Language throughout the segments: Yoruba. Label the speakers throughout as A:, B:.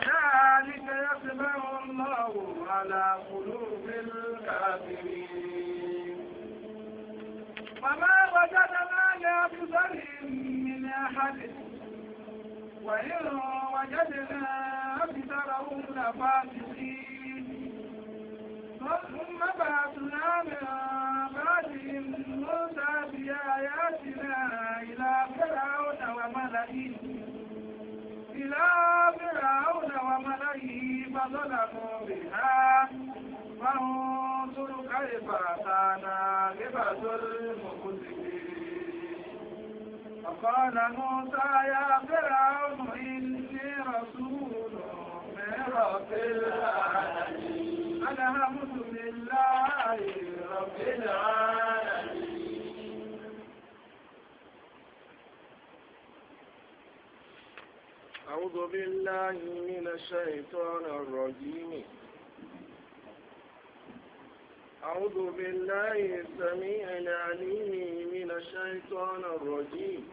A: كذلك يطبع الله على قلوب الكافرين وما وجدنا لأكثر من أحد وإن وجدنا أكثرهم لفاسقين
B: ثم بعثنا
A: من بعدهم موسى بآياتنا إلى فرعون إسرائيل إلى فرعون وملئه فظلموا بها فانظر كيف كان عاقبة المفسدين فقال موسى يا فرعون إني رسول من رب العالمين أنا همت بالله رب العالمين أعوذ بالله من الشيطان الرجيم أعوذ بالله السميع العليم من الشيطان الرجيم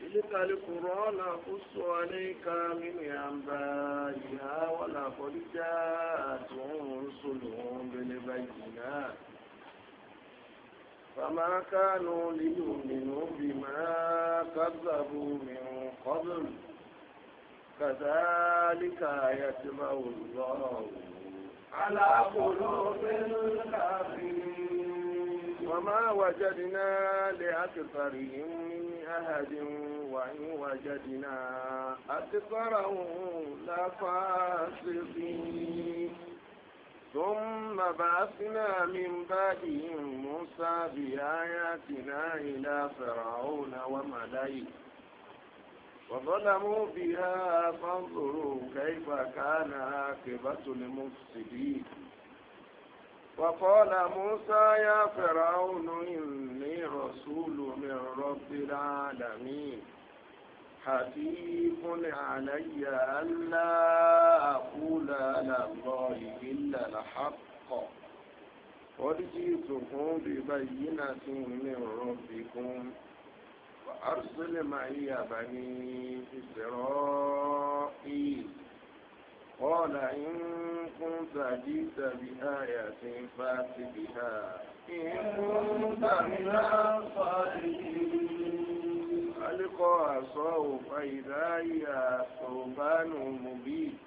A: تلك القرى نقص عليك من أنبائها ولقد جاءتهم رسلهم بالبينات فما كانوا ليؤمنوا بما كذبوا من قبل كذلك يتبع الله على قلوب الكافرين وما وجدنا لأكثرهم من أهد وإن وجدنا أكثرهم لفاسقين ثم بعثنا من بعدهم موسى بآياتنا إلى فرعون وملئه وظلموا بها فانظروا كيف كان عاقبة المفسدين وقال موسى يا فرعون إني رسول من رب العالمين حتيف علي ألا أقول على الله إلا الحق قد جئتكم ببينة من ربكم وأرسل معي بني إسرائيل قال إن كنت جئت بآية فات بها إن كنت من الصادقين فألق عصاه فإذا هي ثوبان مبين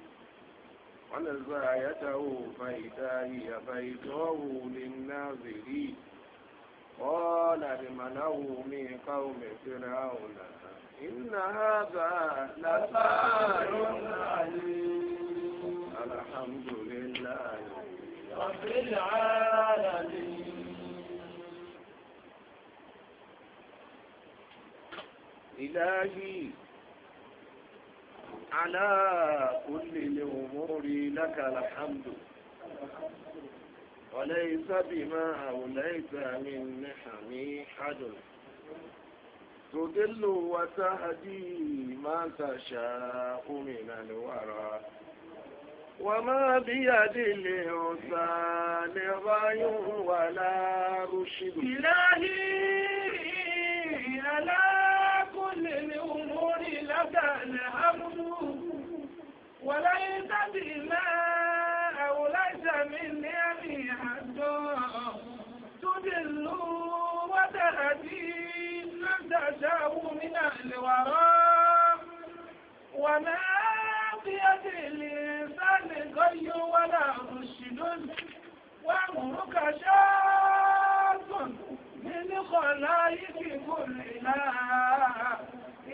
A: ونزع يده فإذا هي بيضاء للناظرين قال لمنه من قوم فرعون إن هذا لسان
B: عليم الحمد لله رب العالمين
A: إلهي على كل الأمور لك الحمد وليس بما أوليت من نحمي حد تضل وتهدي ما تشاء من الورى وما بيد الإنسان غاية ولا رشد إلهي لا wọ̀lá yìí tábì náà àwòlá ìsàmì ní àmì àjọ tóbi lù wọ́tàrà tí lọ́tàṣà wù mí náà lè wà rọ́ wọ̀nà bí ó ti lè sáàlì gọ́yọ́ wọ́lá òṣìlónì wà múrúkà ṣáàtùn nínú kọ̀ọ̀lá yìí kì í kò lè náà.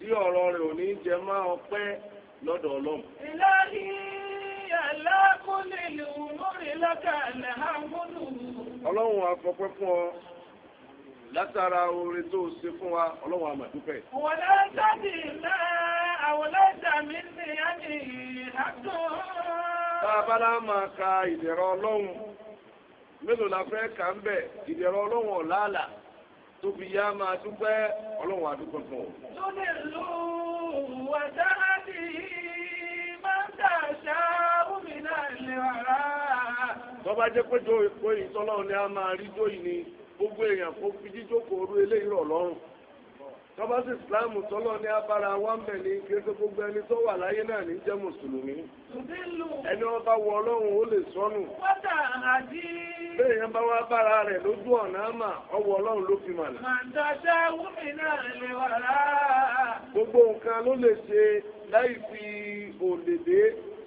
A: tí ọ̀rọ̀ rẹ̀ ò ní jẹ máa ọpẹ́ lọ́dọ̀ ọlọ́run. ìlàhí alákùnrin lù lórí lọ́kàlẹ̀ àmúlù. ọlọ́run àfọpẹ́ fún ọ látara oore tó o fún wa àmàdúpẹ́. wọlé sábì náà àwọlé ní tá a bá máa ka ìdẹ̀rọ ọlọ́run mélòó la tó fi yá máa dúpẹ́ ọlọ́run àdúgbò fún ọ. lónìí ló wà dáhàdì máa ń dà ṣá gómìnà ilé ara. tọ́ba jẹ́ pé jó ìkó ìtọ́lọ́run ni a máa rí jó yìí gbogbo èèyàn kó fi jíjókòó orú eléyìí rọ̀ lọ́rùn tọ́ba sí ìsìláàmù tọ́lọ́ ní abára wa ń bẹ̀ ní kéde gbogbo ẹni tó wà láyé náà ní jẹ́ mùsùlùmí. ẹni wọn bá wọ ọlọ́run ó lè sọnù. wọ́tà àdí. bẹ́ẹ̀ yẹn bá wá bára rẹ̀ lójú ọ̀nà àmà ọwọ́ ọlọ́run ló fi mànà. màdàdà wúmi náà lè wà láà. gbogbo nǹkan ló lè ṣe láì fi òdèdè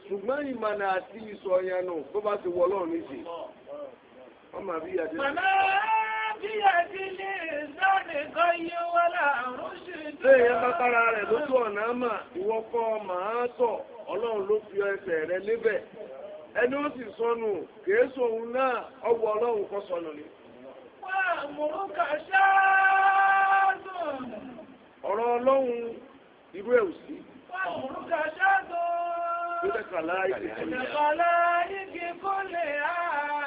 A: ṣùgbọ́n ìmànà àti ìsọ̀yànù tó bá ti wọ ọlọ́run níṣe. wọ́n máa bí
B: Béèyàn pátára rẹ̀ lójú
A: ọlọ́run ló fi ẹsẹ̀ rẹ̀ níbẹ̀. Ẹni ó sì sọnù kèésù òun náà ọwọ́ ọlọ́run kọ́ sọnù ni. Wá àmúrúkà ṣáàdùn. Ọ̀rọ̀ ọlọ́run irú ẹ̀ ò sí. Wá ṣáàdùn. á.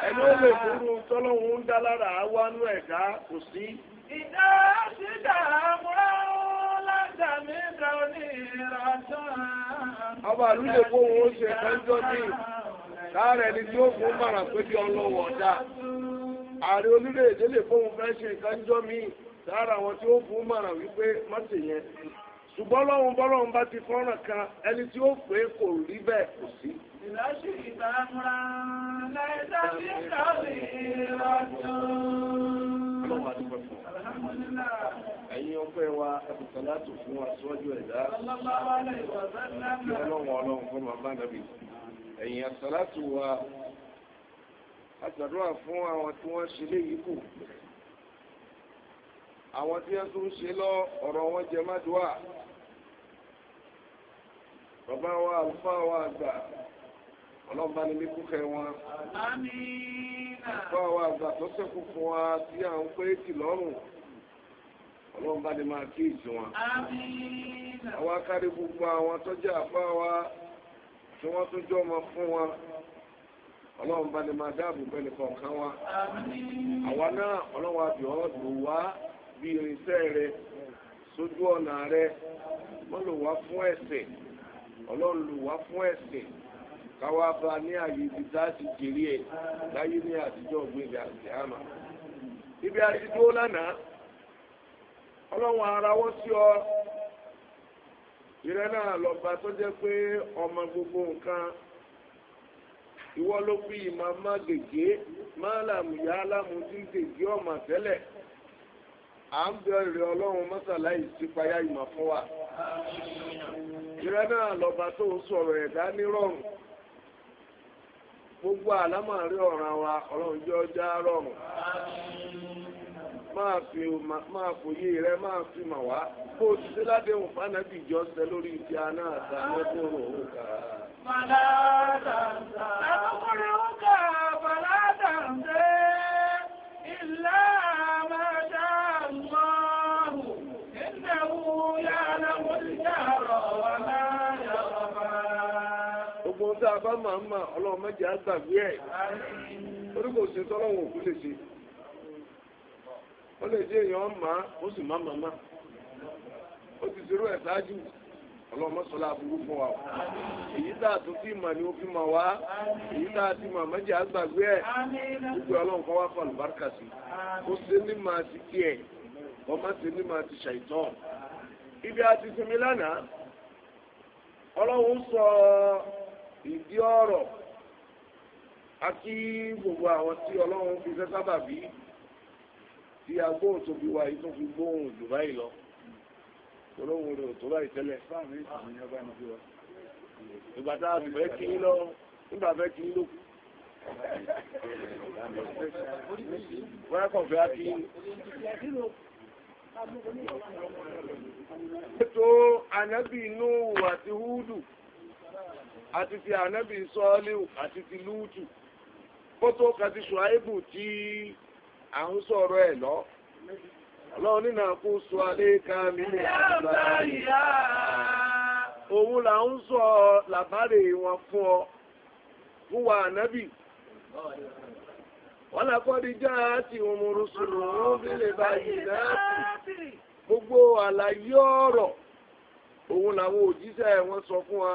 A: ẹni ó lè burú tọ́lọ́hún ń dá lára àwánú ẹ̀dá kò sí. ìdá sídà múra látàmí kan ní ìrọ̀tàn. ọba àlú kó òun ó ṣe kánjọ́ ní káàrẹ̀ ni tí ó fún bàrà pé bí ọlọ́wọ̀ dá. ààrẹ orílẹ̀-èdè lè ṣe míì sára yẹn. ṣùgbọ́n bá kan ẹni tí ó kò rí ìlọ́ṣìkìtà múra láìsá Ẹ̀yin ọpẹ́ wa ẹ̀bùsọ̀ láti fún wa síwájú ẹ̀dá. Kí ọlọ́run ọlọ́run fún bàbá nàbì. Ẹ̀yin àsàlátù wa àtàdúrà fún àwọn tí wọ́n ṣe léyìí kù àwọn tí wọ́n tún ṣe lọ ọ̀rọ̀ wọn jẹ mádùá bàbá wa àlùfáà wa àgbà ọlọ́run ní kúkẹ́ wọn. àgbà wa àgbà tó sẹ́kù fún wa tí à ń pé tì lọ́rùn ọlọ́run bá ní máa kí ìjì wọn. àwa kárí gbogbo àwọn tó jẹ́ àfa wa tí wọ́n tún jọ́ ọmọ fún wa ọlọ́run bá ní máa dáàbò bẹ́ẹ̀ nìkan kan wa. àwa náà ọlọ́run àbí ọ̀dùn wá bí irinṣẹ́ rẹ sójú ọ̀nà rẹ wọ́n lò wá fún ẹ̀sìn ọlọ́run lò wá fún ẹ̀sìn. káwá bá ní àyè ibi tá a ti jèrè ẹ̀ láyé ní àtijọ́ ògbéga àti àmà. ibi àtijọ́ lánàá ọlọ́run arawọ́ sí ọ ìrẹ́ náà lọ́ba tó jẹ́ pé ọmọ gbogbo nǹkan ìwọ ló fi ìmọ̀ má gègé má làmù yá lámù tí gègé ọmọ tẹ́lẹ̀ à ń bẹ̀rẹ̀ ọlọ́run mọ́sálá ìsípayá ìmọ̀ fún wa ìrẹ́ náà lọ́ba tó ń sọ̀rọ̀ ẹ̀dá nírọ̀rùn. gbogbo àlámọ̀rí ọ̀ràn wa ọlọ́run jọ já rọrùn máa fi máa fòye rẹ máa fi mà wá bó o ti ṣe ládéhùn fánàbì jọ ṣe lórí ìdí aná àtàlẹ́kùnrin òun kà á. màdàdà ṣàkóso. ọ tá a bá máa ń ma ọlọ́run mẹ́jẹ̀ á ẹ̀ torí kò tọ́lọ́wọ̀n òkú lè ṣe ó lè ṣe èèyàn ó sì má màmá ó ti ṣerú ẹ̀ ṣáájú ọlọ́run mọ́sọ́lá aburú fún wa èyí tá a tún sí ìmọ̀ ni ó fi wá èyí tá a ti ẹ̀
B: gbogbo
A: ọlọ́run kọ́ wá fún àlùbáríkà sí ó ṣe ní ti kí ẹ̀ ṣe ní ti ibi sinmi lánàá ọlọ́run sọ ọ́ ìdí ọ̀rọ̀ àti gbogbo àwọn tí ọlọ́run fi fẹ́ sábàbí tí agbóhùn tó fi wá yìí tó fi gbóhùn jù báyìí lọ olóhùn rẹ̀ ò tó báyìí tẹ́lẹ̀.
B: ìgbà tá a sì fẹ́ kí lọ
A: nígbà fẹ́ kí ló kù. wọ́n kàn fẹ́ kí. ètò ànábì inú àti húdù àti ti ànábì sọ́ọ́líù àti ti lúùtù kótó kàti ṣùáìbù tí à ń sọ̀rọ̀ ẹ̀ lọ. ọlọ́run nínú àpò sọ alẹ́ ká mi ní àgbáyà. òun là ń sọ làbárè wọn fún ọ fún wa ànábì. wọ́n lakọ́ni já ti òmùrù sùnrùn ó fi lè báyìí náà. gbogbo àlàyé ọ̀rọ̀ òun làwọn òjíṣẹ́ wọn sọ fún wa.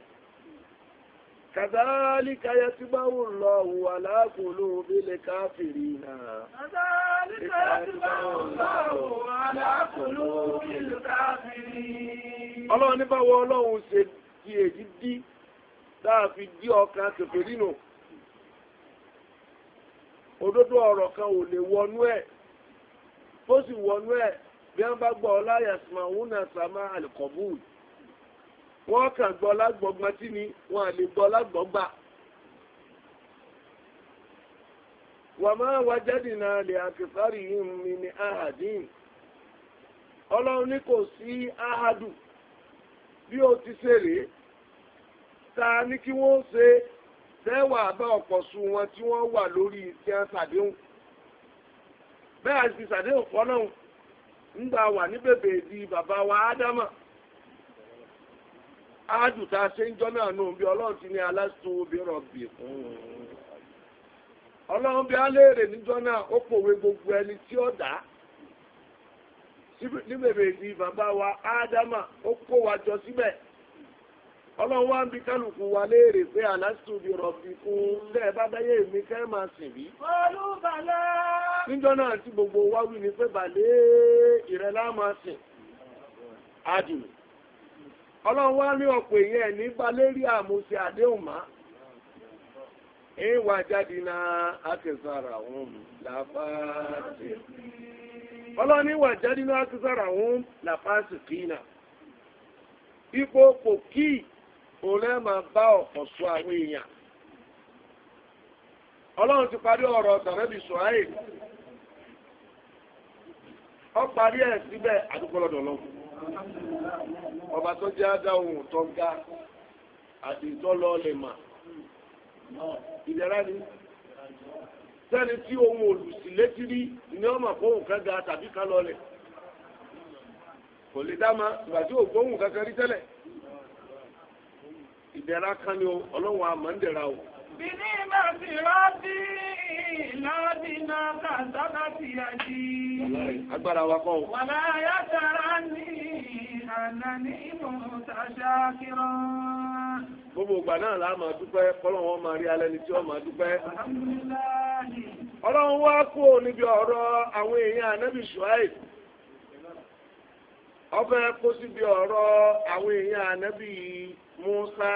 A: كذلك يتبع الله على قلوب الكافرين كذلك يتبع الله على قلوب
B: الكافرين ọlọ́run
A: ní báwo ọlọ́run ṣe di èyí dí dáàfi dí ọkàn kèfèrí nù òdodo ọ̀rọ̀ kan ò lè wọnú ẹ̀ tó sì wọnú ẹ̀ bí wọ́n bá gbọ́ ọ láyà sùnmọ̀ òun wọ́n kàn gbọ́ lágbọ̀gbọ́n tí ni wọ́n lè gbọ́ lágbọ̀gbà. wà máa wá jáde náà lè àkẹsàrì yìí mi ní ahadin ọlọ́run ní kò sí ahadu bí o ti ṣe rèé ta ni kí wọ́n ṣe tẹ́wàá bá ọ̀pọ̀ sun wọn tí wọ́n wà lórí tí wọ́n ṣàdéhùn bẹ́ẹ̀ àti ṣàdéhùn fọ́nà ń gbà wà ní bèbè di bàbá wa ádámà. áádù tá a ṣe ń jọ́ náà nù bí ọlọ́run ti ní aláṣọ fún un ọlọ́run bí aléèrè níjọ́ náà ó pòwe gbogbo ẹni tí ó dá níbèbè di bàbá wa ádámà ó kó wa jọ síbẹ̀ ọlọ́run wá ń bi kálukú wa léèrè pé aláṣọ fún un bá èmi kẹ́ máa sìn bí. níjọ́ náà gbogbo wa wí ni pé ìrẹ́lá máa sìn ọlọ́run wá ní ọ̀pọ̀ èèyàn ní baléríà mo ṣe Ịwa ìwà jáde na àtẹ̀sára òun làfáàsì
B: ọlọ́run ìwà jáde
A: na òun kìínà ipò kò kí òun ma máa bá ọ̀pọ̀ sọ àwọn èèyàn ọlọ́run ti parí ọ̀rọ̀ tàbí ọ parí ẹ̀ síbẹ̀ àdúgbò lọ́dọ̀ ọba tó jẹ́ àdá ohun tó ga àti ìtọ́lọ́ lè mà ìdẹ̀ra ni sẹ́ni tí ohun olùsìlétí rí ni ọmọ fóun kan ga tàbí kan lọlẹ̀ kò lè dá ma ìgbà tí ò gbóhùn kankan rí tẹ́lẹ̀ ìdẹ̀ra kan ni ọlọ́run àmọ́ ń dẹ̀ra o. Agbára wa kọ́. Wàlá yá tara ní ànàní mọ̀tàṣá kírọ́. Gbogbo ìgbà náà la máa dúpẹ́, kọ́lọ́wọ́n máa rí alẹ́ tí ó máa dúpẹ́. Ọlọ́run wá kó níbi ọ̀rọ̀ àwọn èèyàn ànábì Ṣuaib. Ọbẹ̀ kó síbi ọ̀rọ̀ àwọn èèyàn Musa.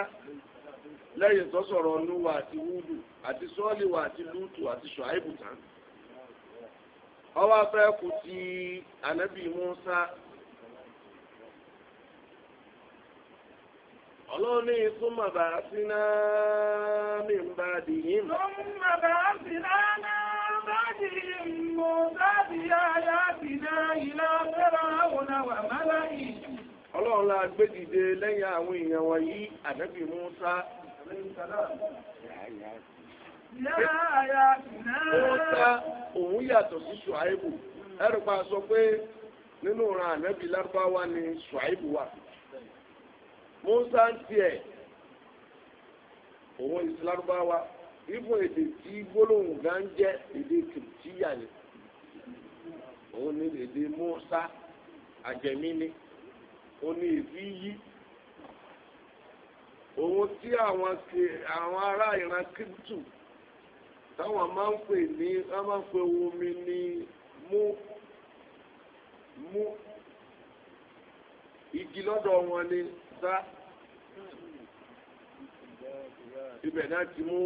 A: lẹ́yìn tó sọ̀rọ̀ nuwa àti wúdù àti sọ́ọ̀lìwà àti lútù àti ṣùáìbù tán ọwọ́ afẹ́ kù ti ànábì Mùsá ọlọ́run ní súnmọ̀ bá sí náà ní bá di yín. súnmọ̀ bá sí náà náà bá di ayá fẹ́ràn àwọn àwọn yìí. ọlọ́run la Mùsá òun yàtọ̀ sí Ṣùáìbù. Ẹ̀rùpa sọ pé nínú ìran ànábì lárúbáwá ni Ṣùáìbù wà. Mùsá ń tiẹ̀ òun ìsì lárúbáwá. Ibùn èdè tí gbólóhùn gan jẹ́ èdè kìrìtìyà ni. Òun ni èdè Mùsá àjẹmí ni. Ó ní èfi yí òun tí àwọn àwọn ará ìran kíntù táwọn máa ń pè ní wọ́n máa ń pè omi ní mú mú igi lọ́dọ̀ wọn ni sá ibẹ̀ náà ti mú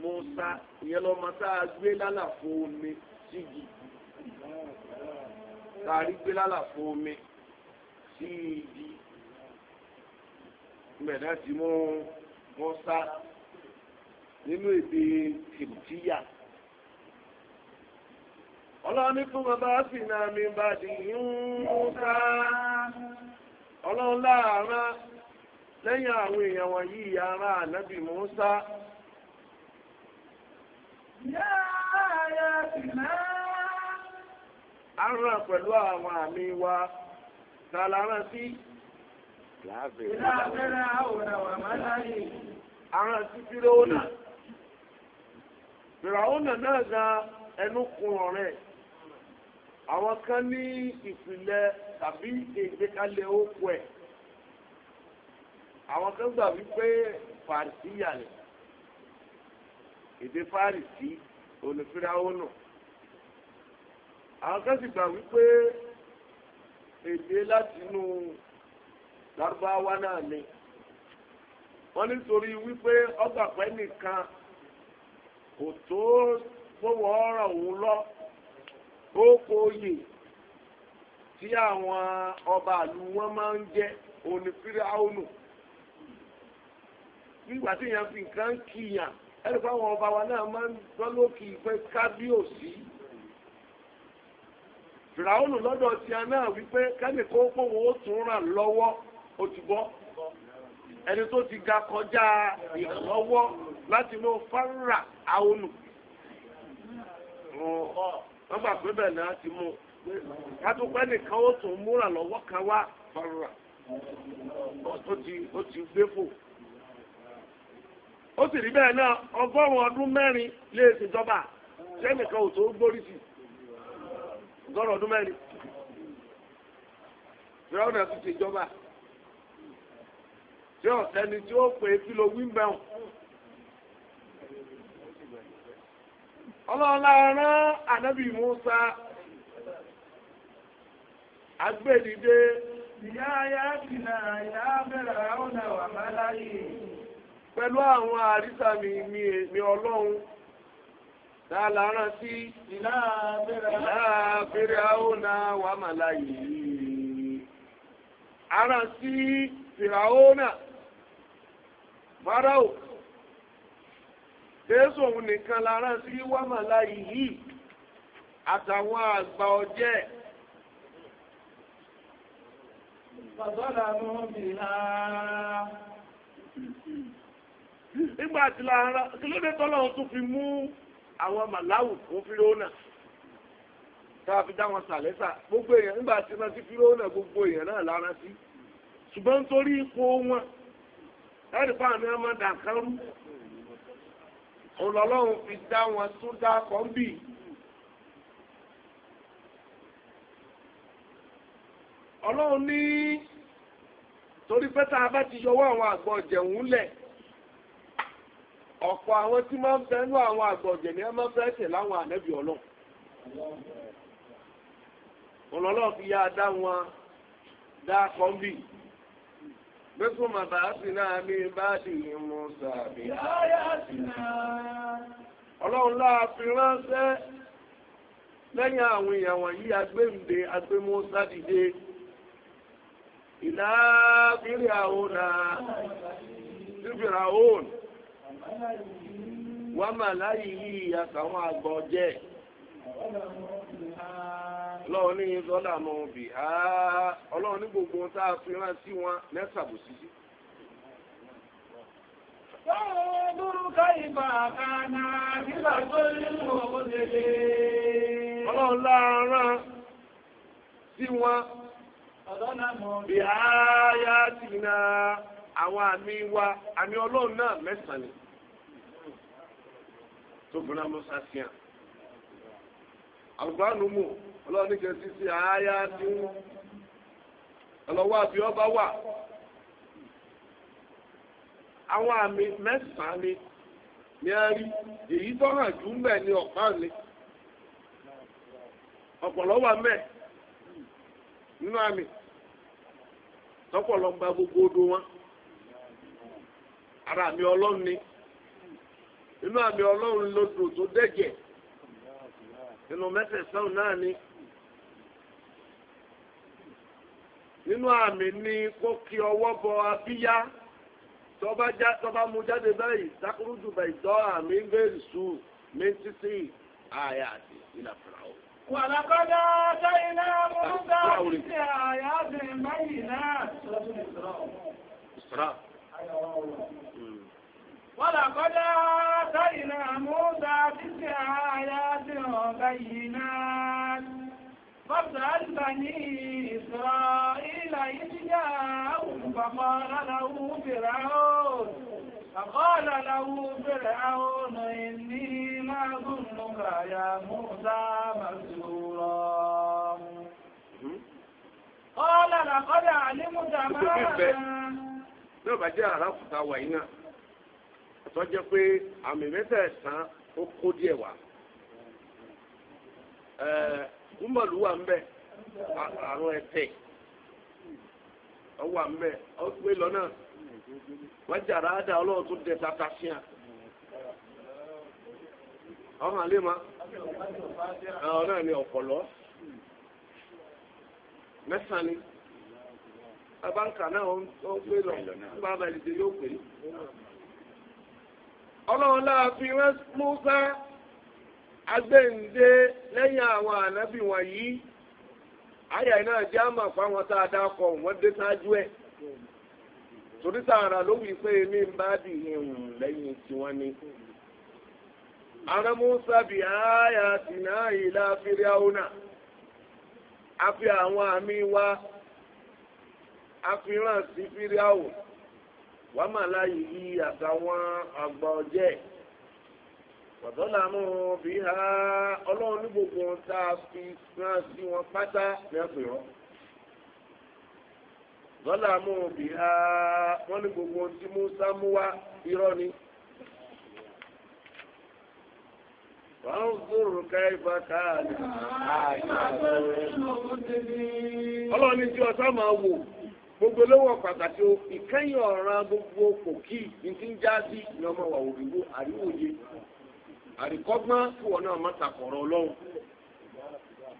A: mú sá ìyẹn lọ́mọ tá a gbé lálàfo omi sígi tá a rí gbé lálàfo omi sí igi. mẹ̀dá sí mú sá nínú èdè kìbùtíyà ọlọ́run ní fún bàbá sì mi bá di
B: yúnúta
A: ọlọ́run láàárán lẹ́yìn àwọn èèyàn wọ̀nyí ara ànábì a ràn pẹ̀lú àwọn àmì wa láàbẹ̀. láàbẹ̀rẹ̀ àwòrán wà má láyé. ara sí fíráwọ́nà fíráwọ́nà náà gan ẹnu kun ọ̀rẹ́ àwọn kan ní ìpìlẹ̀ tàbí ìgbékalẹ̀ òkú ẹ̀ àwọn kan gbà wípé fàrísì yàlẹ̀ èdè fàrísì olùfíráwọ́nà àwọn kan sì gbà wípé èdè látinú. lárúbáwá náà ni wọ́n nítorí wípé ọgbàpẹ́ nìkan kò tó gbówó ọ̀rọ̀ òun lọ ó kó oyè tí àwọn ọba àlù wọn máa ń jẹ òní fíráúnù nígbà tí èèyàn fi nǹkan kìyàn ẹni pé ọba wa náà máa ń gbọ́ lókè ìpè kábíyèsí lọ́dọ̀ tí a náà wípé kẹ́nìkan ó pòwò ó tún ràn lọ́wọ́. ó ti bọ́ ẹni tó ti ga kọjá ìrànlọ́wọ́ láti ló fárá àwọnù wọ́n gbà pé bẹ́ẹ̀ náà ti mú kátúpẹ́ nìkan ó tún múra lọ́wọ́ kan wá fárá ó ti gbé fò ó sì rí bẹ́ẹ̀ náà ọgọ́rùn-ún ọdún mẹ́rin lè ṣèjọba e sẹ́nìkan ò tó gbórí sí ọgọ́rùn-ún ọdún mẹ́rin fìràwọ́n náà ti ṣèjọba. tí ọ̀sẹ́ni tí ó pè é kí ló ọlọ́ọ̀lá rán ànábì Mùsá agbẹ́dìde. E ìyá ayá ìyá bẹ̀rẹ̀ wà bá láyé. pẹ̀lú àwọn àrísà mi ọlọ́run tààlà sí ìlà bẹ̀rẹ̀ àwọn ẹ̀wà màláyé. sí rárá o jésù òun nìkan lára sí wàmàlà yìí àtàwọn àgbà ọjẹ́ nígbà tí lára kí ló dé tọ́lọ́run tún fi mú àwọn màláwù fún fírónà táwa fi dá wọn sàlẹ́sà gbogbo èèyàn nígbà tí wọ́n ti fírónà gbogbo èèyàn náà lára sí ṣùgbọ́n nítorí ipò wọn ẹ̀rí àmì ọmọ dàkánrú ọlọ́lọ́run fi dá wọn tún dá kọ́ńbì. ọlọ́run ní torí pé tá a bá ti yọwọ́ àwọn àgbọ̀ ọ̀jẹ̀hún lẹ̀ ọ̀pọ̀ àwọn tí máa ń àwọn àgbọ̀ ọ̀jẹ̀ ni ẹ máa fẹ́ tẹ̀ láwọn ànẹ́bí ọlọ́run ọlọ́run fi yá dá بكم بعثنا من بعده موسى بآياتنا
B: ọlọ́run láàfi ránṣẹ́
A: lẹ́yìn àwọn èèyàn wọ̀nyí agbẹ́ǹde agbẹ́mọ́sá dìde ìlàbírí àwọn síbìrà òun wàmàláyìí àtàwọn àgbọ̀jẹ́.
B: ọlọ́run
A: ní ìzọ́là nù bì á ọlọ́run ní gbogbo ohun tá a fi rán sí wọn lẹ́sàbòsí sí. Bọ́ọ̀lù Ọlọ́run láàárán sí wọn. Bí ááyá ti na àwọn àmì wa, àmì ọlọ́run náà mẹ́sàn-án Tó gbọ́dọ̀ mọ́sá sí hàn. àlùkùránù mú sí sí àáyá tí ń ọlọ́wọ́ àbí ọba wà. àwọn àmì mẹ́sàn-án ni a rí èyí tó hàn jù ń bẹ̀ ọ̀pá ni ọ̀pọ̀lọ́wà mẹ́ nínú àmì tọ́pọ̀lọ́ ń ba gbogbo odò wọn ara àmì ọlọ́run nínú mẹ́sẹ̀sán náà ni nínú àmì ni kó kí ọwọ́ bọ abíyá tọ́ba mú jáde báyìí sákúrúdù báyìí dọ́ àmì ń bẹ̀rù sùn mí títí àyà àti ìlà fìlàwọ̀. ولقد آتينا موسى آيات بينات. إسراء. ولقد آتينا موسى تسع آيات بينات فاسأل بني إسرائيل إذ جاءهم فقال له فرعون فقال له فرعون إني ما ظنك يا موسى مسرورا قال لقد علمت ما لو بجاء رفض وينه tó jẹ́ pé àmì mẹ́tẹ̀ẹ̀sán ó kó díẹ̀ wá kúmọ̀lù wà ńbẹ àrùn ẹ̀tẹ̀ ọwọ́ àmbẹ ọgbẹ́ lọ́nà wájàrá àdá ọlọ́run tó dẹ tata sí à
B: ọmọ àlè ma ọ náà ni
A: ọ̀pọ̀lọ́ mẹ́sàn-án ni abáǹkà náà ó ń gbé lọ bá abẹ́lẹ́dẹ́ yóò pè é. ọlọ́run láàfin rán Musa agbẹ́ǹde lẹ́yìn àwọn ànábì wọ̀nyí àyà náà jẹ́ àmà fáwọn tá a dákọ̀ wọ́n dé sáájú ẹ̀ torí sàrà ló wí pé èmi ń bá dì lẹ́yìn tiwọn ni. Musa wa wọ́n máa láyé yí àtàwọn àgbà ọ̀jẹ́ pọ̀tọ́lá mú fi ha ọlọ́run ní gbogbo ohun tá a fi rán sí wọn pátá ní ẹ̀pẹ̀ wọn. pọ̀tọ́lá fi ha wọ́n ní gbogbo ohun tí Musa mú wá irọ́ ni. wọ́n ń zòrò káyífà káàdì.
B: ọlọ́run ní tí ọ̀sán máa
A: wò. gbogbo pàtàkì o ìkẹyìn ọ̀ràn gbogbo kòkí ní já sí ni ọmọ wà àríwòye àríkọ́gbọ́n fúwọ́ náà má ọlọ́run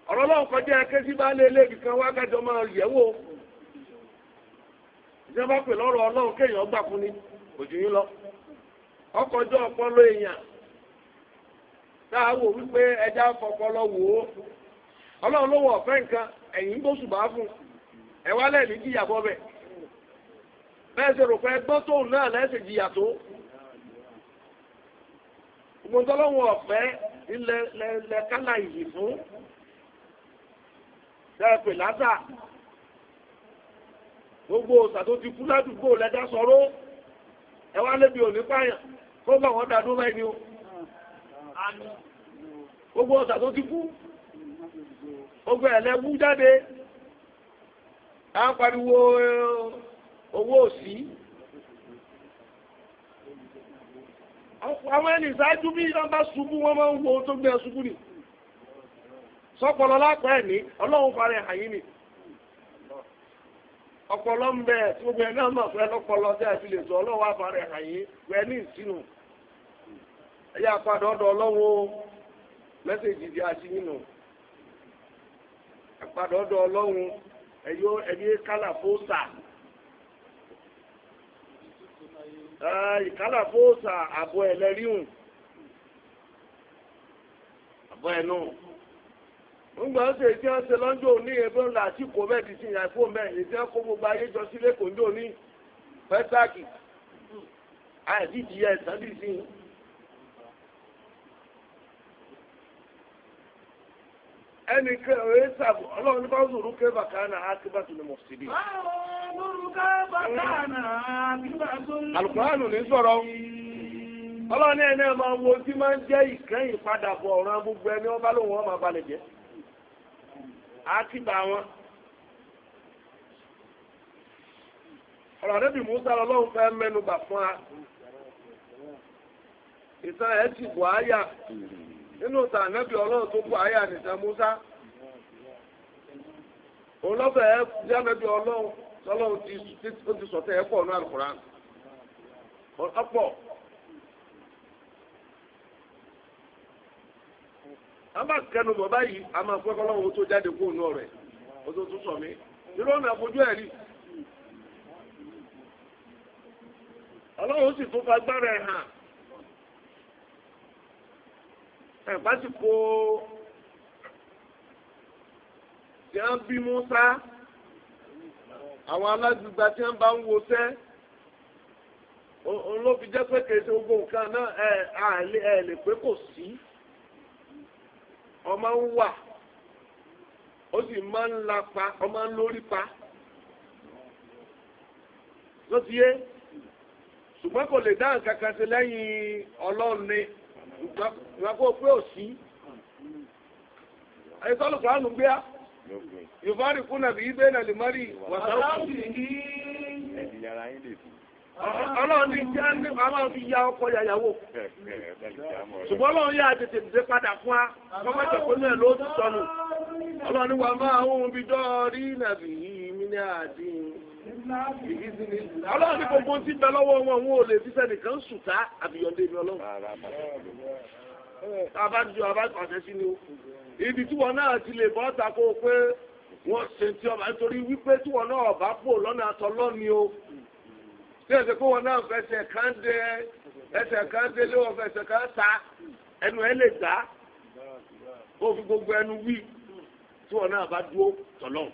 B: ọ̀rọ̀ ọlọ́run kọjá
A: ẹkẹ́ sí bá lé kan wá máa ìjọba pè lọ́rọ̀ ọlọ́run kéèyàn gbà fún ni yín ọpọlọ èèyàn tá a wípé ẹ wá lẹ́ẹ̀ni jìyàbọ̀ bẹ̀ bẹ́ẹ̀ ṣe rò pé ẹgbọ́n tóun náà lẹ́sẹ̀ jìyà tó ìgbọ̀ntọ́lọ́wọ́ ọ̀fẹ́ ilẹ̀ kánà ìyì fún dẹ́pẹ̀ látà gbogbo ṣàtó ti kú ládùúgbò lẹ́dá sọ̀rọ̀ ẹ wá lébi òní pààyàn kó bá wọn dàdó báyìí ni o gbogbo ṣàtó ti kú
B: gbogbo ẹ̀lẹ́wú jáde.
A: à ń pariwo owó òsì àwọn ẹni ìsáájú bí wọ́n bá ṣubú wọ́n máa ń wo tó gbé ṣubú nì sọpọlọ lápá ẹ̀ ní ọlọ́run parẹ́ àyín nì ọpọlọ ń bẹ gbogbo ẹ̀ náà fẹ́ lọ́pọlọ tẹ́ ẹ̀ fi lè sọ di ẹ̀padà ọ̀dọ̀ ọlọ́run. ẹ̀yọ́ ẹ̀yẹ kálàfóòsà ìkálàfóòsà àbọ̀ ẹ̀lẹ́ríhùn àbọ̀ ẹ̀nù ńgbà ó ṣe tí wọ́n ṣe lọ́jọ́ òní ẹgbẹ́ ńlá àti kò bẹ́ẹ̀ ti sin ìyàfó mẹ́ẹ̀ èyí tí wọ́n kó gbogbo ayé jọ sílé kòńdó ní pẹ́tàkì àìsí ìdíyẹ ìsàbí sí i. ẹnì kan ọ̀rẹ́ sàbò ọlọ́run ní bá zòrú ké akíbà tó ní mọ̀ sí bí. alùpùpù ní sọ̀rọ̀ ọlọ́run ní ẹni ẹ̀ máa wo tí máa ń jẹ́ ìkẹ́yìn padà ọ̀ràn gbogbo ẹni wọ́n bá wọ́n máa balẹ̀ jẹ́ akíbà wọn. musa lọ́lọ́run fẹ́ mẹ́nu bà fún nínú tànàbí ọlọ́run tó kú ayé ànìsàn Musa òun lọ́fẹ̀ẹ́ jẹ́nàbí ọlọ́run tọ́lọ́run ti sọ̀tẹ̀ ẹ̀ pọ̀ ní àlùkùrán ọ̀pọ̀. a máa kẹnu bọ̀ báyìí a máa fẹ́ tó jáde kó nù ọ̀rẹ́ o tó sọ mí irú ọ̀nà àfojú ẹ̀fásitò tí wọ́n bí Musa àwọn alágbègbè tí wọ́n bá ń wo sẹ́ òun ló fi jẹ́ pé kèsì gbogbo nǹkan náà ẹ̀ ẹ̀ lè pé kò sí ọmọ ń wà ó sì máa ń lapa ọmọ ń lórí pa ló ti yé ṣùgbọ́n kò lè dá nǹkan kan sí lẹ́yìn Ọlọ́run ìgbàgbọ́ pé osi, sí àyíkọ́lù kùránù gbé á yòfárì kún nàbí ibé nàlè mọ́rì wàsáwùsì ọlọ́run ti jẹ́ ọlọ́run ya ọkọ yàyàwó ṣùgbọ́n ọlọ́run ya tètè ọlọ́run ní gbogbo ti bẹ lọ́wọ́ wọn wọn ò lè fi sẹ́nìkan sùtá àbíyọ̀dé mi ọlọ́run abájọ abájọ sí ni o ibi tí wọn náà ti lè bọ́ tako pé wọ́n ṣe ti ọba nítorí wípé tí wọn náà bá pò lọ́nà àtọ́lọ́ni o tí ẹ̀sẹ̀ pé wọn náà fẹsẹ̀ kan dé ẹsẹ̀ kan dé léwọ̀n fẹsẹ̀ kan ta ẹnu ẹ lè dá ó fi gbogbo ẹnu wí tí wọn náà bá dúró tọ̀lọ́hùn.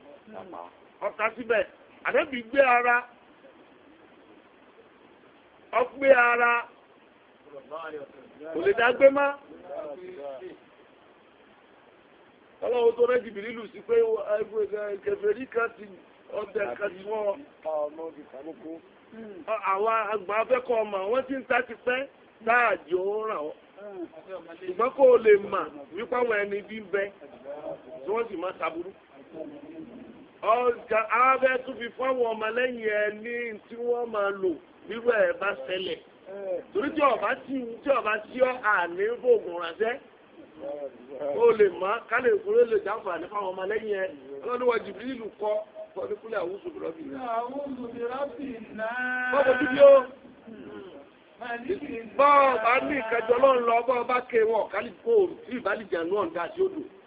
A: ọ̀tá síbẹ̀ ànábì gbé ara ọgbé ara kò lè dágbé má tó rẹ́jì bìrì lù sí pé kẹfẹ́rí kan ti ọdẹ kan ti wọ́n hmm. àwọn àgbà ọmọ lè mà wípé ọjà abẹ́ tún fi fáwọn ọmọlẹ́yìn ẹ ní tí wọ́n máa lò nírú ẹ̀ bá ṣẹlẹ̀ torí tí ọba tí tí ọba tí ọ àní fògùn ránṣẹ́ ó lè mọ kálí ìkúrẹ́ lè jáfàní fáwọn ọmọlẹ́yìn ẹ ọlọ́dúnwọ̀ jìbìlì kọ́ fọdún kúlẹ̀ àwùjọ rọ́bì
B: náà. àwùjọ rọ́bì
A: náà. bọ́ọ̀bù tí yóò
B: bọ́ọ̀ bá ní ìkẹjọ lọ́nà lọ
A: bọ́ọ̀ bá ké wọn kálí kó ìbálìjà náà dá sí odò.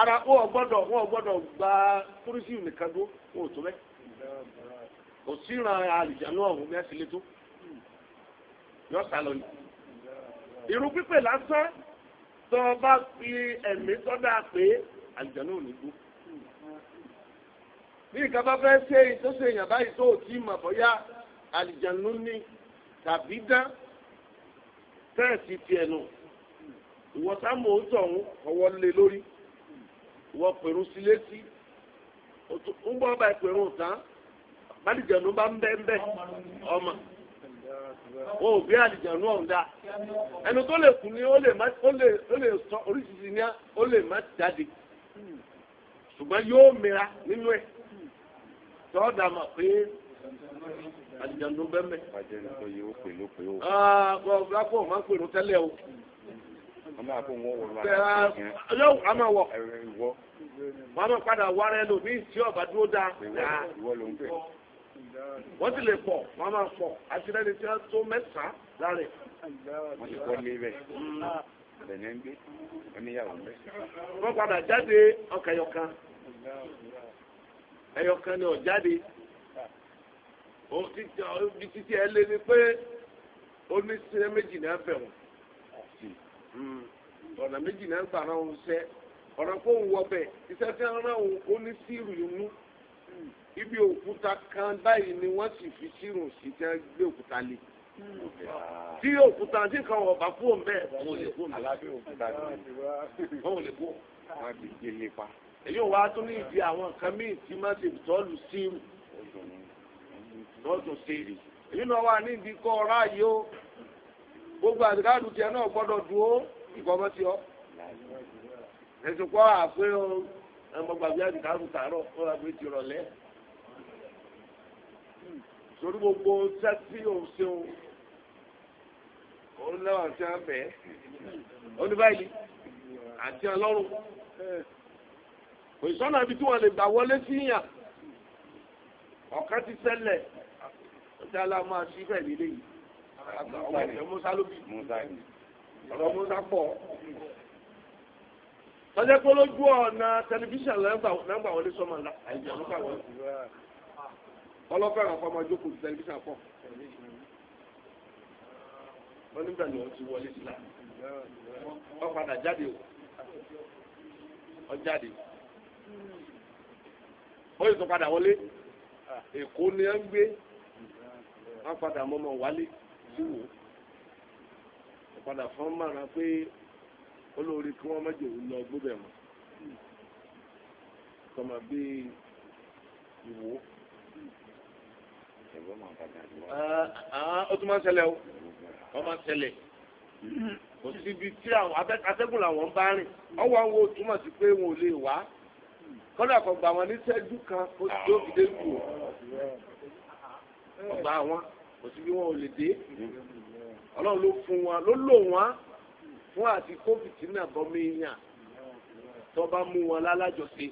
A: ara wọn ò gbọ́dọ̀ wọn ò gbọ́dọ̀ gba kúrúsì nìkan dó wọn ò tó bẹ́ẹ̀ kò síran àlìjáná ọ̀hún bí a ti lé tó yọ sá lọ ni. irú pípè lásán tó o bá fi ẹ̀mí tọ́dà pé àlìjáná ò ní gbó. bí nǹkan bá fẹ́ ṣe ìtọ́sẹ̀ èèyàn báyìí tó ò tí ì mọ̀ bóyá àlìjáná ní tàbí dán tẹ́ẹ̀sì tiẹ̀ nù ìwọ̀sá mò ń tọ̀hún ọwọ́ lé lórí wọ́n pèrú sí létí ń bọ́ ọba ìpèrú tán bálìjànú bá ń bẹ́ ń bẹ́ ọmọ
B: wọn ò bí àlìjànú ọ̀hún dá ẹnu tó
A: lè kú ni ó lè sọ oríṣiríṣi ní ó lè má jáde ṣùgbọ́n yóò mìíràn nínú ẹ̀ tọ́ da mọ̀ pé àlìjànú bẹ́ẹ̀ mẹ́. bàjẹ́ ní sọ yìí máa ń pèrú tẹ́lẹ̀ o yóò a máa wọ̀ wọ́n máa padà wá rẹ lò ní ìsí ọ̀bà dúró dáa
B: wọ́n ti lè pọ̀
A: wọ́n máa pọ̀ àti lẹ́ni tí wọ́n tó mẹ́sàn-án láre. wọ́n ti kọ́ lé bẹ́ẹ̀ lẹ́ni ń gbé wọ́n níyàwó bẹ́ẹ̀.
B: wọ́n padà jáde ọkà ẹyọkan
A: ẹyọkan ni ọ̀ o bí títí ẹ lé ni pé oníṣẹ́ méjì náà fẹ̀ wọ́n. Hmm. ọ̀nà méjì náà gbà náà ń ṣẹ́ ọ̀nà kó wọbẹ̀ iṣẹ́ tí wọ́n náà ní sírù inú ibi òkúta kan báyìí ni wọ́n sì fi sírù sí tí wọ́n gbé òkúta lé tí òkúta tí kan ọ̀bà fún òun bẹ́ẹ̀ ti gbé nípa èyí ò wá tún ní ìdí àwọn nǹkan míì tí má ti tọ́lù sírù èyí náà wà ní ìdí kọ́ gbogbo àdìgáàdù tiẹ̀ náà gbọ́dọ̀ dúró ìkọ́mọ́ sí ọ. àpé o ẹ̀mọ́gbàgbé àdìgáàdù tààrọ̀ ó rà pé ti rọ̀lẹ́. sórí gbogbo sẹ́tí òun ṣeun òun náà ti ń bẹ̀ ọ́ ní báyìí àti ọlọ́run òṣìṣọ́nà ibi tí wọ́n lè gbà wọlé sí yàn ọ̀kan ti ṣẹlẹ̀ ó la máa ṣí bẹ́ẹ̀ nílé yìí ọ̀rọ̀ musa pọ̀ tọ́jẹ́ pé lójú ọ̀nà tẹlifíṣàn lẹ́gbà wọlé sọ́mọ àìjọ̀lọ́gbà wọlé
B: ọlọ́fẹ́ràn fọmọ
A: jókòó tẹlifíṣàn pọ̀
B: wọ́n nígbà ni wọ́n ti wọlé sílá wọ́n padà jáde o
A: wọ́n jáde ó yẹ tó padà wọlé Èkó ni wọ́n gbé wọ́n padà mọ́mọ́ wálé wò ìpadà fún mara pé olórí kí wọ́n mẹ́jọ òun lọ gbóbẹ̀ mọ́ kọ́mọ bí ìwò. ó tún máa ń ṣẹlẹ̀ o wọ́n máa ń ṣẹlẹ̀ kò síbi tí atẹ́gùn làwọn bá rìn ọwọ́ àwọn ò sí pé wọn ò lè wá kọ́dà kan gbà wọn ní ṣẹ́jú kan ó ti dé òkìdé ọgbà wọn kò sí bí wọn ò lè dé ọlọ́run ló fún wọn ló lò wọn fún àti kófìtì náà bọ́mí yàn tó bá mú wọn lálájọsí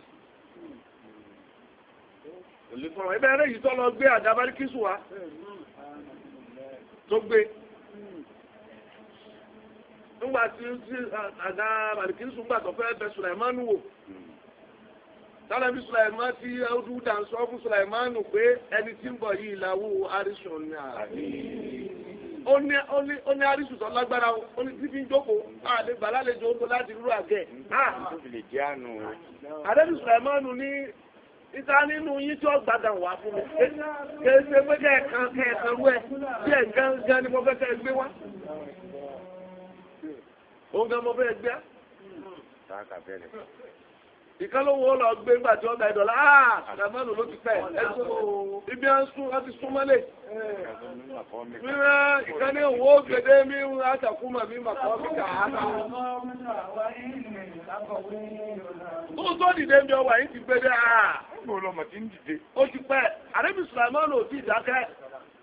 A: olùfọ̀rọ̀ ibẹ̀ eré yìí tó lọ gbé àdábáríkísù wa tó gbé nígbà tí àdábáríkísù gbà tó fẹ́ bẹ Sùlẹ̀mánù wò tálẹ́bí sùlẹ̀mán tí ọdún dà ń sọ fún pé ẹni tí ń bọ̀ yìí làwọ̀ àrísùn ni àbí. ó ní àrísùn tó lágbára ó ní títí ń jókòó àlè gbà ó tó láti rú àgẹ̀. Ah! àdébí sùlẹ̀mánù ní ìta nínú yín tí ó gbàdàn wá fún mi kèé pé kẹ́ẹ̀kan kẹ́ẹ̀kan rú ẹ bí ẹ̀ gángan ni mo fẹ́ kẹ́ ẹ gbé wá. òun gan mo fẹ́ gbé. ìkálówó lọ gbé ńgbà tí wọ́n da ìdọ̀lá áà ah, àdàmọ́nù ló ti ibi à ń sún wọ́n ti sún mọ́lẹ̀. rírẹ́ òwò gbèdé mi ń àtàkùn mi mà kọ́ kà á kà. tó tó dìde ń bí yìí ti gbé dé áà. Ah, o ti pẹ́ àrẹ́bí sùlámọ́nù ò tí ì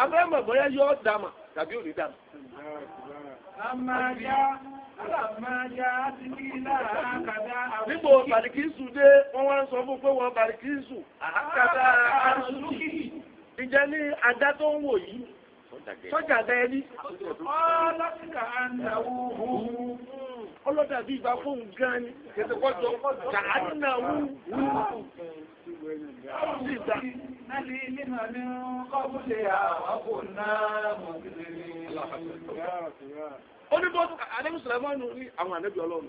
A: Abẹ́mọ̀ bọ́yá yóò dàmà tàbí ò ní dàmà. Nígbò Bàríkísù dé, wọ́n wá ń sọ fún pé wọ́n Bàríkísù. Àkàtà àrùn Ìjẹ́ ní ajá tó ń wò yìí
B: sọ́jà lẹ́ni
A: ọlọ́pìnà ànàwó ọlọ́dà bí ìgbà fóun gan ni kẹsẹ̀kọ́jọ ànàwó oníbọ́sẹ̀ anẹ́mùsùlẹ́mọ́nù ní àwọn ànẹ́bí ọlọ́run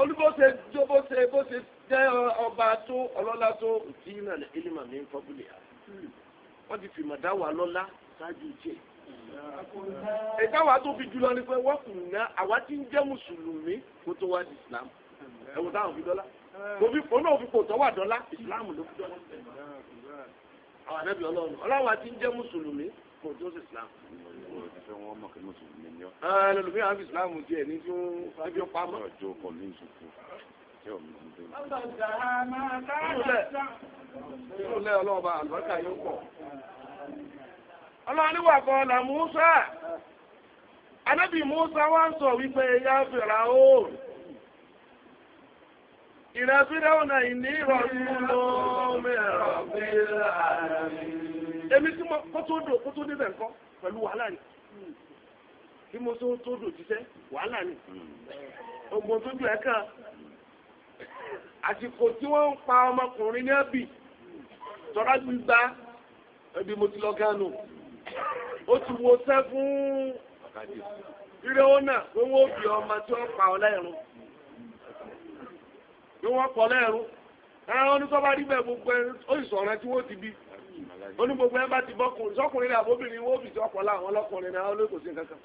A: olúbọ́sẹ̀ jó bọ́sẹ̀ bọ́sẹ̀ jẹ́ ọba tó ọlọ́lá tó ìdí ìrìnàlẹ̀ ìlímà mi ń fọ́bùlẹ̀ wọ́n ti fìmọ̀ dá wà lọ́lá ṣáájú jẹ. ẹ̀ka wa tó fi jùlọ ni pé wọ́n kùn ná àwa tí ń jẹ́ mùsùlùmí kó tó wá di islam ẹ̀wọ̀n táwọn fi dọ́là òfin kò náà òfin kò tọ́wà dọ́là islam ló fi dọ́là. àwọn ànábì ọlọ́run ọlọ́run àti ń jẹ́ mùsùlùmí kò tó sí islam. ẹlòmíì àwọn fi islam jẹ ní tí wọ́n fi pamọ́.
B: Ìrúlẹ̀ ọlọ́ọ̀ba àlùbáríkà yóò pọ̀
A: ọlọ́run wà kan là Musa anábì Musa wá ń sọ wípé ya fèrà ó ìrẹ́ fíráhùn ìní ìrọ̀lú lómi ẹ̀rọ fíra èmi àsìkò tí wọ́n ń pa ọmọkùnrin ní ẹ̀bì tọ́ra gbígbá ẹbí mo ti lọ gánà ó ti wo sẹ́ fún ìrẹ́wọ́n náà pé wọ́n bí ọmọ tí wọ́n pa ọ lẹ́rùn ni wọ́n pọ̀ lẹ́rùn ẹran ní sọ́ba rí bẹ́ẹ̀ gbogbo ẹ ó sì sọ̀rọ̀ tí wọ́n ti bí oní gbogbo ẹ bá ti bọ́kùnrin sọ́kùnrin rẹ̀ àbóbìnrin wọ́n fi sọ́kọ̀ láwọn ọlọ́kùnrin náà ó kò sí kankan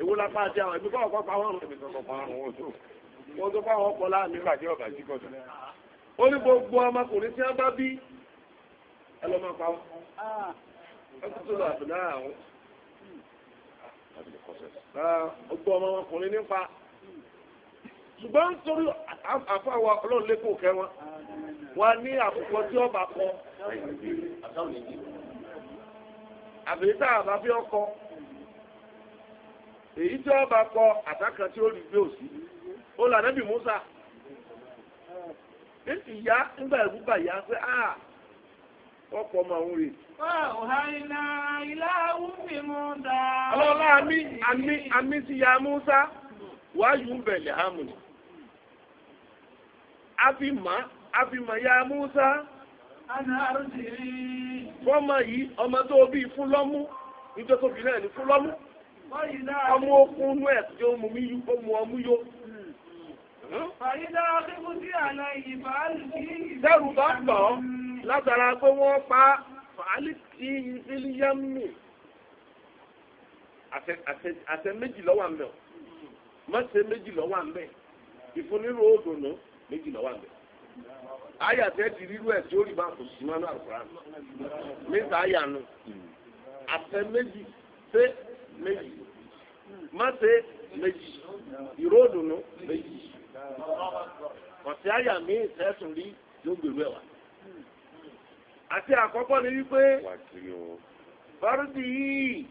A: èwo la pa àti àwọn ẹ̀mí kọ́ ọ̀kọ́ pa wọ́n rùn wọ́n tó fáwọn ọkọ̀ láàmì ó ní gbogbo ọmọkùnrin tí wọ́n bá bí ẹ lọ́ máa pa wọ́n
B: ọgbọ́n
A: ọmọ ọkùnrin nípa ṣùgbọ́n nítorí àfọwọ́ ọlọ́run lẹ́kọ̀ọ́ kẹ́ wọn wà ní àkókò tí ọba kọ àbẹ̀yí tá àbá fi ọkọ èyí tí ọba kọ àtàkàn tí ó rí gbé òsì ó là nẹ́bì Musa ìyá ńgbà ẹ̀rú bà yá pé áà. Ah, wọ́n ọmọ àwọn rè. ọlọ́lá àmì àmì àmì ti ya Musa wáyù ń bẹ̀lẹ̀ hàmù a fi mọ̀ ya amusa. fọ́mọ yìí ọmọ tó bí fún lọ́mú níjọ́ tóbi náà ní fún lọ́mú. ọmọ okun inú ẹ̀ tí mú mi látara pé wọ́n pa fàálì tí ìfìlíyàmì àtẹ méjì lọ́wọ́ àmì ọ̀ mọ́tẹ méjì lọ́wọ́ àmì ìfúnnirò òdòdó méjì lọ́wọ́ àmì àyà tẹ́ ti rírú ẹ̀ tí ó rí bá kò sí mọ́nà àkùrán mẹ́ta àyà nù àtẹ méjì pé méjì mọ́tẹ méjì ìró òdòdó méjì ọ̀tí àyà mi ìtẹ́sùn rí yóò gbèrú ẹ̀ wá àti àkọ́kọ́ ni wípé bárúdì yìí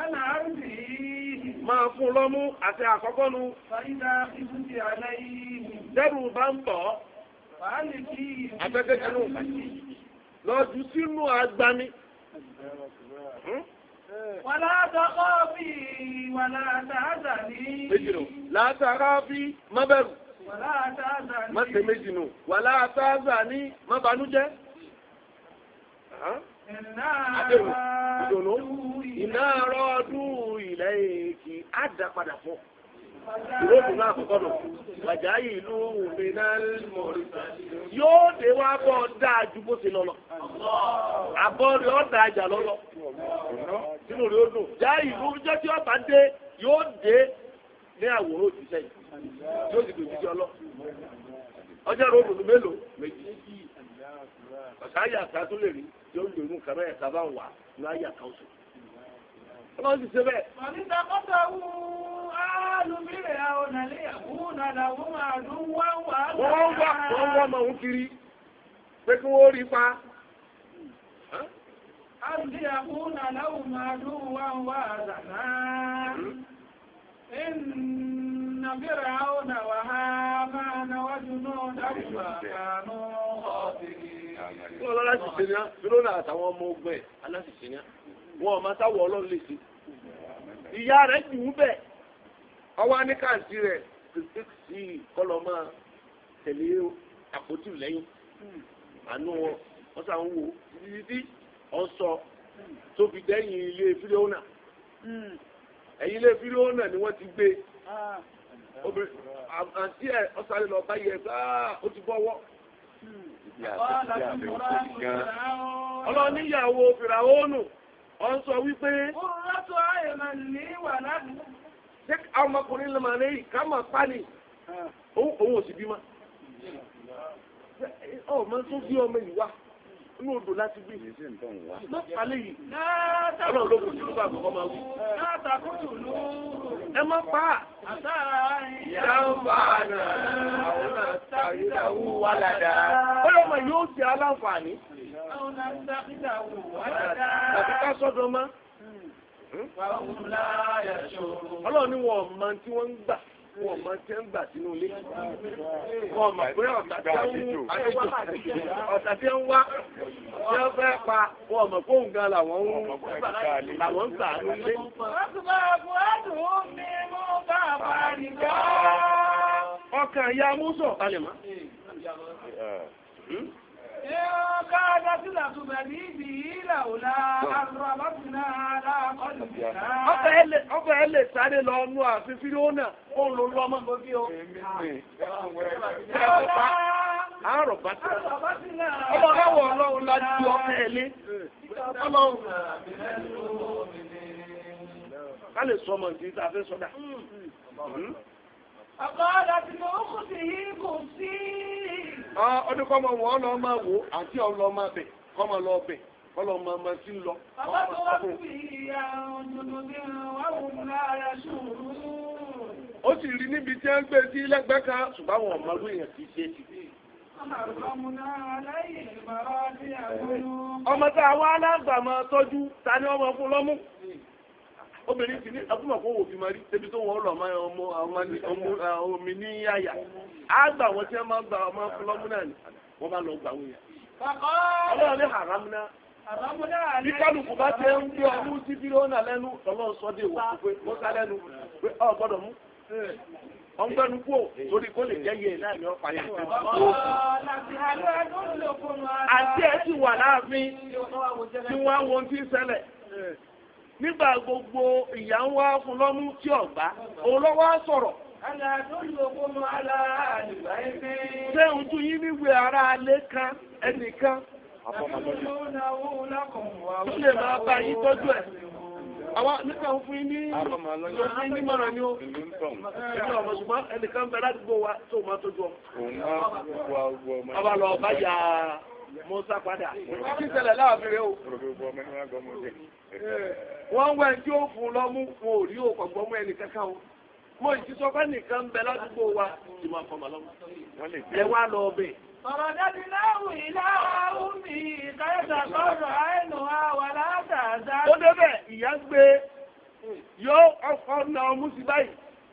A: ana àrùdì yìí máa fún lọ́mú àti àkọ́kọ́ nu. fàyídà ìbùdí àlẹ́ yìí. dẹ́rù bá ń bọ̀. fàálì kí. afẹ́kẹ́kẹ́ nù lọ́jú sínú agbami. Wàlá àtàkọ́ bí wàlá àtàkọ́ ní. Méjì nù. má bẹ̀rù. Wàlá àtàkọ́ ní. Má ṣe méjì nù. Wàlá àtàkọ́ ní má banújẹ́. àdéhùn ìdùnnú iná rọ́ọ̀dún ilẹ̀ èkì á dá padà fún
B: ọ ìwọ́pù náà kọ́kọ́
A: nù wàjá yìí ló yóò dé wá bọ́ ju bó lọ lọ àbọ̀ ọ́ jà lọ́lọ́ sínú ó dùn já ìlú jẹ́ tí ọba dé yóò dé ní àwòrán òjíṣẹ́ yìí yóò yóò lò ní nǹkan bẹ́ẹ̀ kaba wà ní àyà kan sùn. ọlọ́run ti ṣe bẹ́ẹ̀. ọ̀nìta kọ́tà wù álùmírẹ̀ ọ̀nàlẹ́ àbúrò àdàwọ̀ àdúwà wà. wọ́n wá wọ́n wá ọmọ òun kiri pé kí wọ́n rí pa. àbí àbúrò àdàwọ̀ àdúwà wà àdàná. Nàbírà ọ̀nà wàhálà náà wájú náà dábùbà kánú ọ̀sìn wọn lọ láti ṣe ní á fírónà àtàwọn ọmọ ogun ẹ aláṣẹ ṣe ní á wọn ò máa sáwọ ọlọ́run lè ṣe ìyá rẹ̀ jù ú bẹ̀ ọwọ́ á ní káàntì rẹ̀ kìsìkìsì kọlọ̀ máa tẹ̀lé àpótí lẹ́yìn àánú wọn wọ́n sà ń wò títí tí ọ̀ ń sọ tó fi dẹ́yìn ilé fírónà ẹ̀yìn ilé fírónà ni wọ́n ti gbé obìnrin àti ẹ̀ ọ̀sán lè lọ bá yẹ ẹ̀ ó ti bọ́wọ́.
B: Ọlọ́run níyàwó Fìràwọ́nù,
A: ọ ń sọ wípé. Ó rọ́tò àìmà ní wà láti. Ṣé ọmọkùnrin lọ́mọ rẹ̀ ìká pálí? Òun ò bímọ. Ọmọ tó bí ọmọ ìwà inú odò láti gbé. Má palẹ̀ yìí. Ọlọ́run ló kù sínú bàbá ọmọ wí. Ẹ má pa. Ìyá ń bá àná àwọn yóò jẹ́ aláǹfààní. Àwọn ká sọ́dọ̀ mọ́.
B: Hmm. Ọlọ́run ni
A: wọ́n mọ tí wọ́n ń gbà wọn mọ tẹ́ ń gbà sínú ilé wọn mọ̀ pé ọ̀tà tẹ́ ń wá ọ̀tà tẹ́ ń wá tẹ́ ń fẹ́ pa wọn mọ̀ pé òun gan làwọn ń làwọn ń gbà nínú ilé. ọkàn ìyá amúsọ̀ balẹ̀ mọ́. ìyá hmm? ọkàn adásílà tó bẹ̀rẹ̀ níbi ọkọ̀ ẹ lè sáré lọ ọnú àfi fírónà ó ń lo olú ọmọ nǹkan bí o. àárọ̀ bá ti ọmọ káwọ̀ ọlọ́run la ju ọkọ̀ ẹ lé ọlọ́run. ká lè sọ ọmọ ìdí tá a fẹ́ sọ́dà. Hmm? Àkọ́ọ́dà tí mo kù sí yìí kò sí. Ọdún kọ́mọ wọ́n lọ máa wò àti ọlọ́mọ bẹ̀ kọ́mọ lọ bẹ̀ kọ́lọ̀ ọmọ ọmọ tí ń lọ. bàbá tó wá fi àrùn jùlùmíìn wáhùn lára ṣùgbọ́n. ó sì rí níbi tí wọ́n gbé sí lẹ́gbẹ̀ẹ́ kan ṣùgbọ́n àwọn ọmọ ọdún yẹn ti ṣe ti ọmọ tá a wá alágbàmọ tọ́jú ta ni ọmọ fún lọ́mú obìnrin ti ní abúlọ̀ kó máa rí ebi tó wọ́n lọ ọmọ omi ní àyà á gbà wọ́n tí wọ́n máa ń ọmọ fún lọ́mú náà ni wọ́n bá lọ gbà wọ́n yẹn. ọlọ́run ní haram náà. bí kálukú bá tẹ ń gbé ọmú sí fírónà lẹ́nu lọ́lọ́run sọ dé wò pé ó sá lẹ́nu pé ọ gbọ́dọ̀ mú wọ́n kú ò torí kó lè jẹ́ e àti wà láàfin tí wọ́n wo ohun tí ń nígbà gbogbo ìyá ń wá fún tó lè máa bá yín Àwọn nípa òfin ní òfin ní mọ̀ràn ni ó. Ìlú ọmọ ṣùgbọ́n ẹnìkan bẹ ládùúgbò wa tó máa tọ́jú ọmọ. lọ bá yà Mọ́sá padà. Kí ṣẹlẹ̀ láàbìrẹ́ o? Wọ́n wẹ̀ tí ó fún lọ́mú fún òrí òkọ̀gbọ́mú ẹnì kankan o mo ìsísọ́fẹ́ nìkan bẹ ládùúgbò wa tí mo fọmọ lọ́wọ́
B: Ọ̀rọ̀dẹ́dínláwù
A: ilá omi ìkẹ́sàkọ́rọ̀ àìnùwà wà látàzá. Ó débẹ̀ ìyá gbé yóò ọkọ̀ ọ̀nà ọmú sí báyìí.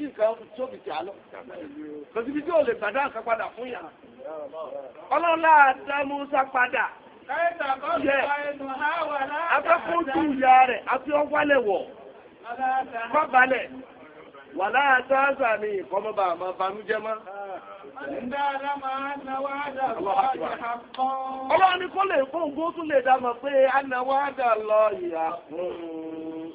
A: tí nǹkan tóbi tì á lọ. kò tí o lè gbàdá nǹkan padà fún yà. ọlọ́lá àdámúsá padà. yẹ afẹ́kùn tù ìyá rẹ̀ àti ọ̀wálẹ̀ wọ̀ kọ́ balẹ̀ wàlá àtàzà ni ìkọ́mọba àmọ́ banújẹ́ mọ́. Ọlọ́run ni lọ ìyá.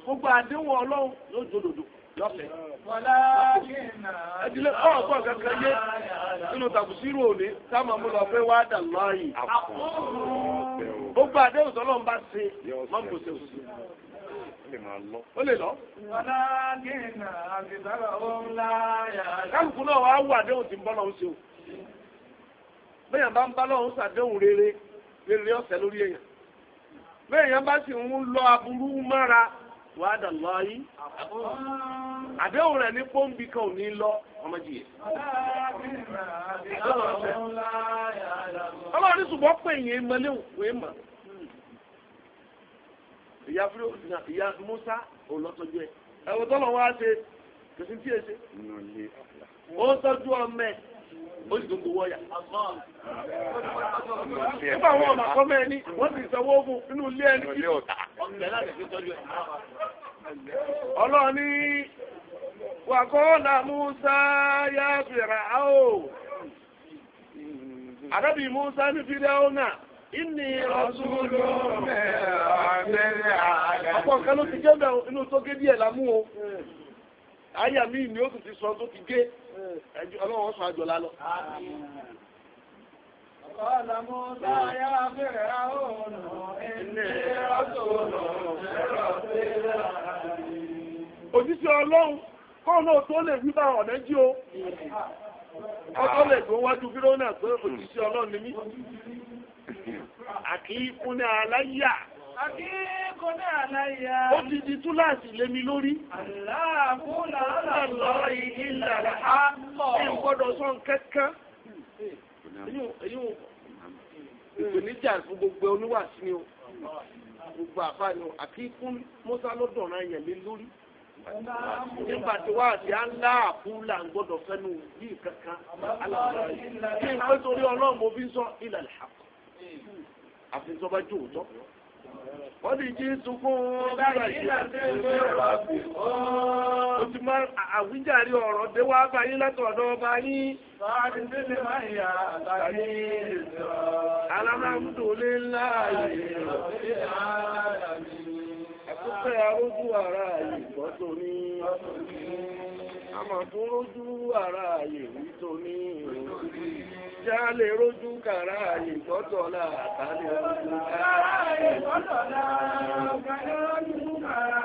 A: Gbogbo àdéhùn ọlọ́run jòdòdò lọ́fẹ̀ẹ́. ẹdílé ọ̀ gbọ́ kankan yé nínú tàbùsírù òní táwọn amúlò ọ̀fẹ́ wá dà lọ́yìn. gbogbo àdéhùn tó lọ́n bá ṣe máa ń gbòòsè òsì. ó lè lọ. kálukú náà wàá wọ àdéhùn tí ń bọ́ lọ́hún ṣe o. bẹ́ẹ̀ bá ń bá lọ́hún ṣàdéhùn rere rere ọ̀sẹ̀ lórí èèyàn. bẹ́ẹ̀ yẹn bá sì ń lọ aburú mára. wàdà lọ́yìn àdéhùn rẹ̀ ní kan ò ní lọ ọmọ jìyẹ. ọlọ́run ní ṣùgbọ́n pé èèyàn mọ́lẹ́ òwe mọ́. ìyá fúlẹ̀ òsìnà ìyá Musa olọ́tọ́jú ẹ̀ ẹ̀wọ̀n tọ́lọ̀ wá ṣe kò sí tí ṣe. ó ń tọ́jú ọmọ ẹ̀. ó sì tún gbowó ọ̀yà. nígbà wọn ọmọ àkọ́mọ ẹni ní wàkọ́ọ̀lá áò àdábì Musa ní fìdá ọ̀nà inni rasulu nǹkan ló ti jẹ́ bẹ̀rù inú tó gé díẹ̀ lámú o ayà mi ni ó tún ti sọ tó ti gé ọlọ́wọ́ sọ àjọ lálọ.
B: Ọ̀la Musa yá fèrè àwọn ẹni ọ̀tọ̀ọ̀nà ẹ̀rọ sílẹ̀.
A: Òjíṣẹ́ Ọlọ́run kọ́ náà tó lè wí bá ọ̀nà jí o. Ọtọ́ lè tó wájú Fírónà pé òjíṣẹ́ Ọlọ́run ni mí. Àkí fún ní aláyà. Àkí ó ti di túláàsì lémi lórí. aláàbúlà gbogbo oníwàásí ni àti fún Musa lọ́dọ̀ náà yẹn lé lórí
B: nígbà tí wàá di aláàbù
A: là ń gbọ́dọ̀ fẹnu yìí kankan kí n pẹ́ torí ọlọ́run mo fi ń sọ ilẹ̀ àpò àfi ń jò ó wọ́n ti jí sunkún báyìí láti ó ti máa àwíjàre ọ̀rọ̀ dé wá báyìí látọ̀dọ̀ ọba yín. alámàmúdò lè ńlá yìí arójú ara àyè tọ́tò ara já lè rójú kàrá àyè àtàlẹ́ kàrá